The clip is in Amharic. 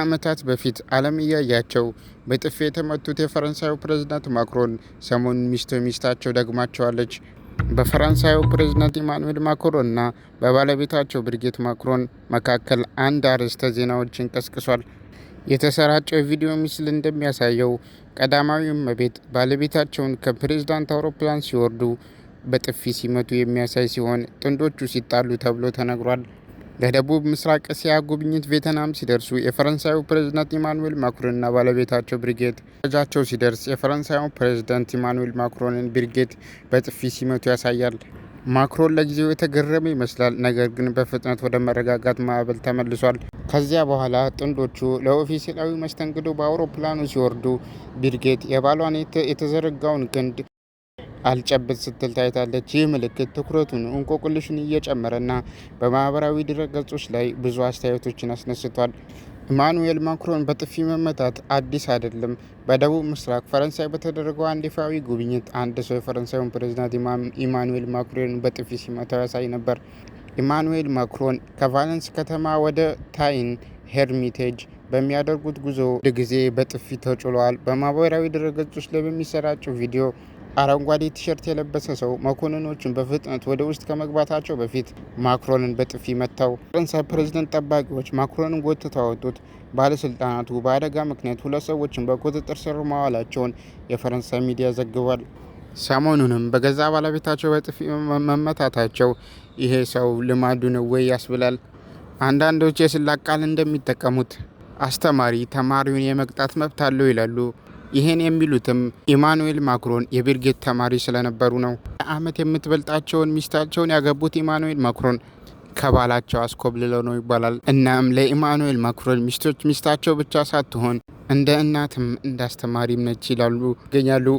ከዓመታት በፊት ዓለም እያያቸው በጥፊ የተመቱት የፈረንሳዩ ፕሬዝዳንት ማክሮን ሰሞን ሚስቶ ሚስታቸው ደግማቸዋለች። በፈረንሳዩ ፕሬዝዳንት ኢማኑኤል ማክሮን ና በባለቤታቸው ብርጌት ማክሮን መካከል አንድ አርዕስተ ዜናዎችን ቀስቅሷል። የተሰራጨው የቪዲዮ ምስል እንደሚያሳየው ቀዳማዊ እመቤት ባለቤታቸውን ከፕሬዝዳንት አውሮፕላን ሲወርዱ በጥፊ ሲመቱ የሚያሳይ ሲሆን ጥንዶቹ ሲጣሉ ተብሎ ተነግሯል። ለደቡብ ምስራቅ እስያ ጉብኝት ቬትናም ሲደርሱ የፈረንሳዩ ፕሬዝዳንት ኢማኑዌል ማክሮንና ባለቤታቸው ብሪጌት ጃቸው ሲደርስ የፈረንሳዩ ፕሬዝዳንት ኢማኑዌል ማክሮንን ብሪጌት በጥፊ ሲመቱ ያሳያል። ማክሮን ለጊዜው የተገረመ ይመስላል፣ ነገር ግን በፍጥነት ወደ መረጋጋት ማዕበል ተመልሷል። ከዚያ በኋላ ጥንዶቹ ለኦፊሴላዊ መስተንግዶ በአውሮፕላኑ ሲወርዱ ቢርጌት የባሏን የተዘረጋውን ክንድ አልጨብጥ ስትል ታይታለች። ይህ ምልክት ትኩረቱን እየጨመረ እየጨመረና በማህበራዊ ድረገጾች ላይ ብዙ አስተያየቶችን አስነስቷል። ኢማኑኤል ማክሮን በጥፊ መመታት አዲስ አይደለም። በደቡብ ምስራቅ ፈረንሳይ በተደረገው አንድ ይፋዊ ጉብኝት አንድ ሰው የፈረንሳዩን ፕሬዝዳንት ኢማኑኤል ማክሮን በጥፊ ሲመታው ያሳይ ነበር። ኢማኑኤል ማክሮን ከቫለንስ ከተማ ወደ ታይን ሄርሚቴጅ በሚያደርጉት ጉዞ ጊዜ በጥፊ ተጭሏል። በማህበራዊ ድረገጾች ላይ በሚሰራጭው ቪዲዮ አረንጓዴ ቲሸርት የለበሰ ሰው መኮንኖቹን በፍጥነት ወደ ውስጥ ከመግባታቸው በፊት ማክሮንን በጥፊ መታው። ፈረንሳይ ፕሬዝደንት ጠባቂዎች ማክሮንን ጎትተው አወጡት። ባለስልጣናቱ በአደጋ ምክንያት ሁለት ሰዎችን በቁጥጥር ስር ማዋላቸውን የፈረንሳይ ሚዲያ ዘግቧል። ሰሞኑንም በገዛ ባለቤታቸው በጥፊ መመታታቸው ይሄ ሰው ልማዱ ነው ወይ ያስብላል። አንዳንዶች የስላቅ ቃል እንደሚጠቀሙት አስተማሪ ተማሪውን የመቅጣት መብት አለው ይላሉ። ይህን የሚሉትም ኢማኑኤል ማክሮን የቤልጌት ተማሪ ስለነበሩ ነው። ለዓመት የምትበልጣቸውን ሚስታቸውን ያገቡት ኢማኑኤል ማክሮን ከባላቸው አስኮብልለው ነው ይባላል። እናም ለኢማኑኤል ማክሮን ሚስቶች ሚስታቸው ብቻ ሳትሆን እንደ እናትም እንዳስተማሪም ነች ይላሉ ይገኛሉ።